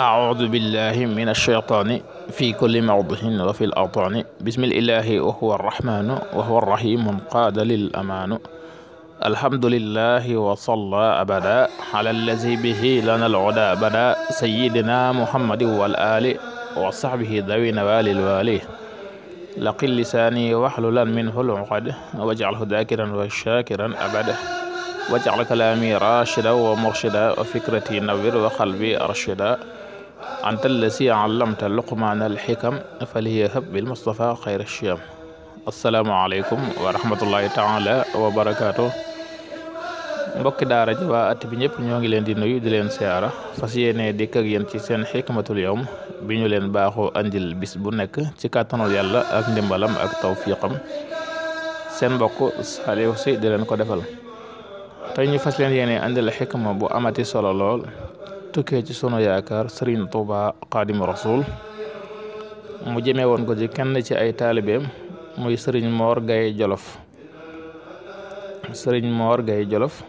أعوذ بالله من الشيطان في كل موضع وفي الأوطان بسم الله وهو الرحمن وهو الرحيم قاد للأمان الحمد لله وصلى أبدا على الذي به لنا العدا بدا سيدنا محمد والآل وصحبه ذوي نوال الوالي لقل لساني واحللا منه العقد واجعله ذاكرا وشاكرا أبدا wajal kalaami rachida wa murshida wa fikrati nawir wa qalbi arshida anta allasi allamta luqmaana alxikam faliyahab bil mustafa xayra shiyam asalaamaaleykum wa rahmatullahi taala wa barakaatu mbokki daara ji bi ñëpp ñoo ngi leen di nuyu di leen siyaara fas yéene dikk ak yéen ci seen xikmatul yawm bi ñu leen baaxoo andil bis bu nekk ci kàttanul yàlla ak ndimbalam ak tawfiqam seen mbokk Saliou Sy di leen ko defal tey ñu fas leen yéene andil xikma bu amati solo lool tukkee ci sunu yaakaar Serigne Touba Xaadimu Rasuul mu jëmee woon ko ci kenn ci ay taalibeem muy sëriñ Mor Gaye Jolof Serigne Mor Gaye Jolof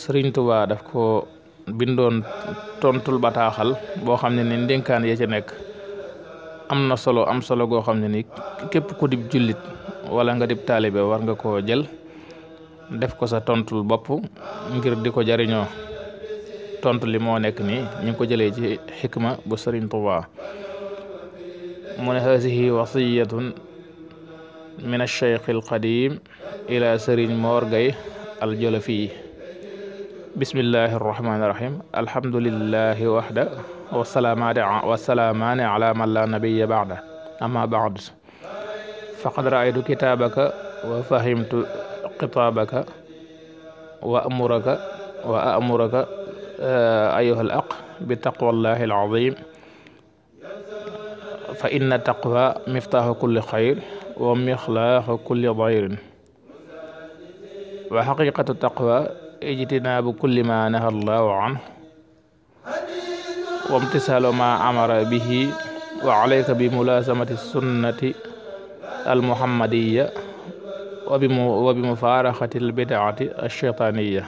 sëriñ Touba daf ko bindoon tontul bataaxal boo xam ne ni ndénkaan ya ci nekk am na solo am solo goo xam ne ni képp ku dib wala nga dib taalibe war nga koo jël def ko sa tontul bopp ngir ko jariñoo tontu li moo nekk nii ñu ko jëlee ci xikma bu sëriñ Tuubaa mu ne haasihi wasiyatun min acheikh alqadim ila sëriñ bismillahi arrahmani man la nabiya baada amma baad faqad raaytu kitaabaka wa fahimtu xitaabaka wa amuraka wa amuraka eh, ayuha al aq bi taqwallahi al azim fa inna taqwa miftaaxu kulli xayr wa mixlaaxu kulli dayrin wa xaqiqatu taqwa ijtinaabu kulli ma naha allahu anhu wa imtisaalu ma amara bihi wa alayka bi mulaasamati sunnati almuhammadiya wa bi mufaaraxati albidaati alcheytaaniya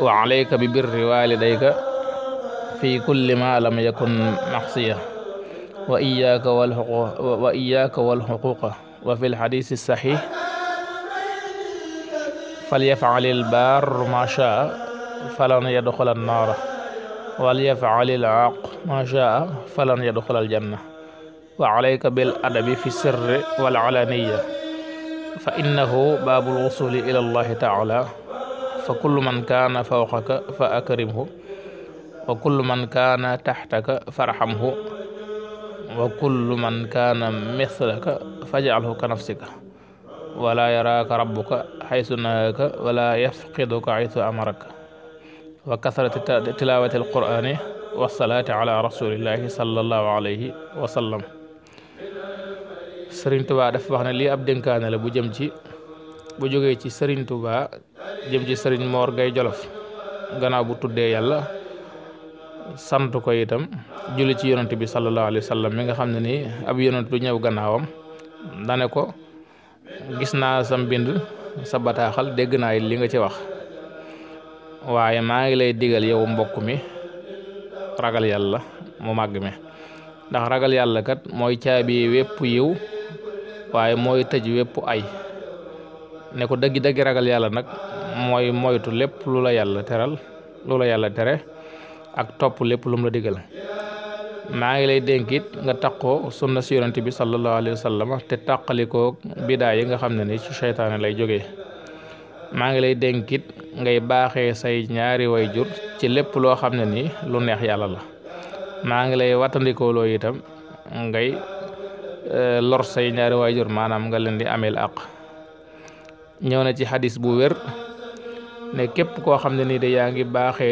wa alayka bi birri walidayka fi kulli ma lam yakun maxsiya wa iyaaka wa iyaaka walxuquqa wa fi lxadisi saxiix falyafcal ilbaar ma chaa falan yadxul annaara walyafcal ilcaaq ma chaa falan yadxul aljanna wa alayka bil adabi fi sirri wal alaniya fa innahu baabul wusuli ila allahi taala fa kullu man kaana fawqaka fa akrimhu wa kullu man kaana taxtaka farxamhu wa kullu man kaana mislaka fajcalhu ka nafsika wala yaraaka rabbuka xaysu nahaaka wala yafqiduka xaysu amaraka wa kasrati tilaawati alqur'ani wasalaati ala rasulillahi sallallahu alayhi wa sallam Serigne tubaa dafa wax na lii ab dénkaane la bu jëm ci bu jógee ci sëriñ Touba jëm ci sëriñ moor Gay Jolof gannaaw bu tuddee yàlla sant ko itam julli ci yonent bi sallallahu alayhi mi nga xam ne nii ab yonent du ñëw gannaawam dane ko gis naa sa mbind sa bataaxal dégg naa li nga ci wax waaye naa ngi lay digal yow mbokk mi ragal yàlla mu màgg mi ndax ragal yàlla kat mooy caabi wépp yiw waaye mooy tëj wépp ay ne ko dëggi dëggi ragal yàlla nag mooy moytu lépp lu la yàlla teral lu la yàlla tere ak topp lépp lum la mu la maa ngi lay dénkit nga taqoo sunna si yonent bi sallallahu alayhi wa sallam te tàqalikoo bidaa yi nga xam ne ni ci seytaane lay jóge maa ngi lay dénkit ngay baaxee say ñaari way jur ci lépp loo xam ne ni lu neex yàlla la maa ngi lay watandikoo loo itam ngay Eh, lor say ñaari waajur maanaam nga leen di ameel àq ñëw na ci xadis bu wér ne képp koo xam ne nii de yaa ngi baaxe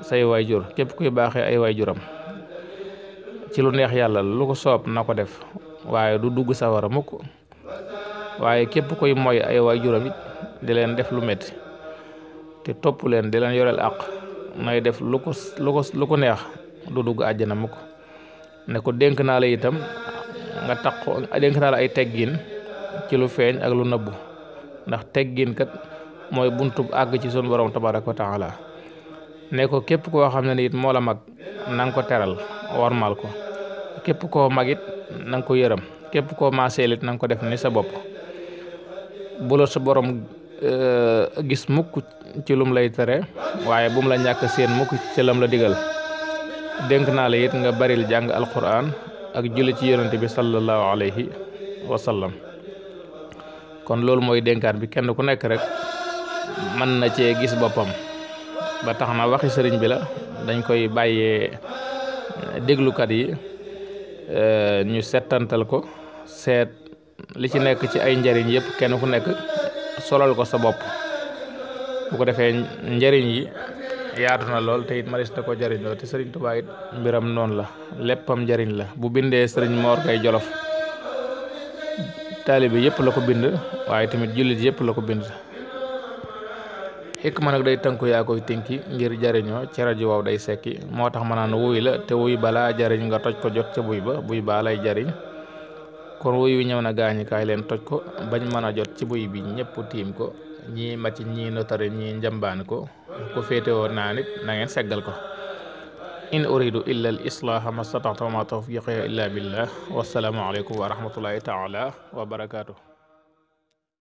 say waajur képp kuy baaxee ay wayjuram ci lu neex yàlla lu ko soob na ko def waaye du dugg sawara mukk waaye képp koy moy ay waajuram di leen def lu metti te topp leen di leen yoreel àq nooy def lu ko lu ko lu ko neex du dugg àjjana mukk ne ko dénk naa la itam nga taqoo dénk naa la ay teggin ci lu feeñ ak lu nëbbu ndax teggiin kat mooy buntub àgg ci sun borom tabaraka wa taala ne ko képp koo xam ne ni it moo la mag na ko teral warmal ko képp koo mag it ko yërëm képp koo maaseel it na ko def ni sa bopp bu la sa borom euh, gis mukk ci lum lay tere waaye bu la ñàkk seen mukk ci lam la digal dénk naa la nga baril jàng alquran ak julli ci yonent bi sallallahu alayhi wa sallam kon loolu mooy dénkaan bi kenn ku nekk rek mën na cee gis boppam ba tax na waxi sëriñ bi la dañ koy bàyyee eh, déglukat yi eh, ñu setantal ko seet li ci nekk ci ay njariñ yëpp kenn ku nekk solal ko sa bopp bu ko defee njariñ yi yaatu na lool te it maris na ko jëriñoo te sëriñ Tuubaa it mbiram noonu la léppam njëriñ la bu bindee sëriñ Mor Gaye Jolof taalibe yëpp la ko bind waaye tamit jullit yëpp la ko bind xikma nag day tënku yaa koy tinki ngir jariñoo ci rajo waaw day sekki moo tax ma naan wuy la te wuy balaa jariñ nga toj ko jot ca buy ba buy baa lay jariñ kon wuy wi ñëw na gaañi kaay leen toj ko bañ mën a jot ci buy bi ñëpp tiim ko ñii macc ñii notari ñii njambaani ko ku féete woon naa nit na seggal ko in uridu illa al ma stata'tu wa ma illa billah wassalaamu aleykum wa rahmatullahi taala wa